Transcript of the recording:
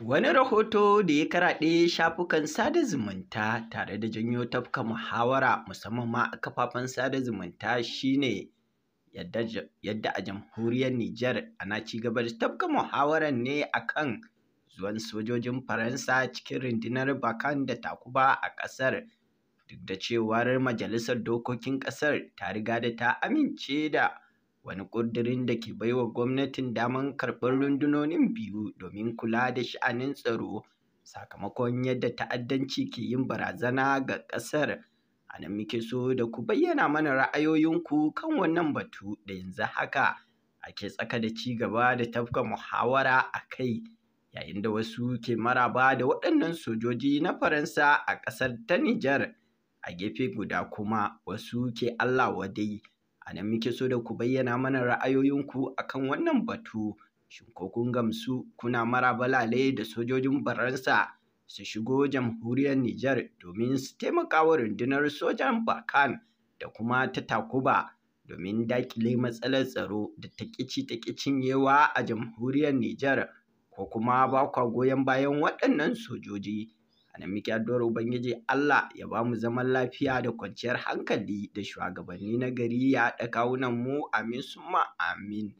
Wani rahoto da ya karaɗe shafukan sada zumunta tare da janyo tafka muhawara musamman ma a kafafen sada zumunta shi ne yadda a jamhuriyar Nijar ana ci gaba da tafka muhawarar ne a kan zuwan sojojin Faransa cikin rundunar Bakan da Takuba a ƙasar duk da cewar majalisar dokokin ƙasar ta riga da ta amince da wani ƙudurin da ke baiwa gwamnatin damar karɓar rundunonin biyu domin kula da sha'anin tsaro sakamakon yadda ta'addanci ke yin barazana ga ƙasar a nan muke so da ku bayyana mana ra'ayoyinku kan wannan batu da yanzu haka ake tsaka da ci gaba da tafka muhawara a kai yayin da wasu ke maraba da waɗannan sojoji na faransa a ƙasar ta nijar a gefe guda kuma wasu ke allah wadai A nan muke so da ku bayyana mana ra'ayoyinku akan wannan batu. Shin ko kun gamsu kuna marabalale da sojojin Faransa su shigo jamhuriyar Nijar domin su taimaka wa rundunar sojan Bakan da kuma ta Takuba domin dakile matsalar tsaro da takici-takicin yewa a jamhuriyar Nijar ko kuma ba goyon bayan waɗannan sojoji. a nan addu'ar ubangiji Allah ya ba mu zaman lafiya da kwanciyar hankali da shugabanni na gari ya haɗa kawunan mu amin summa amin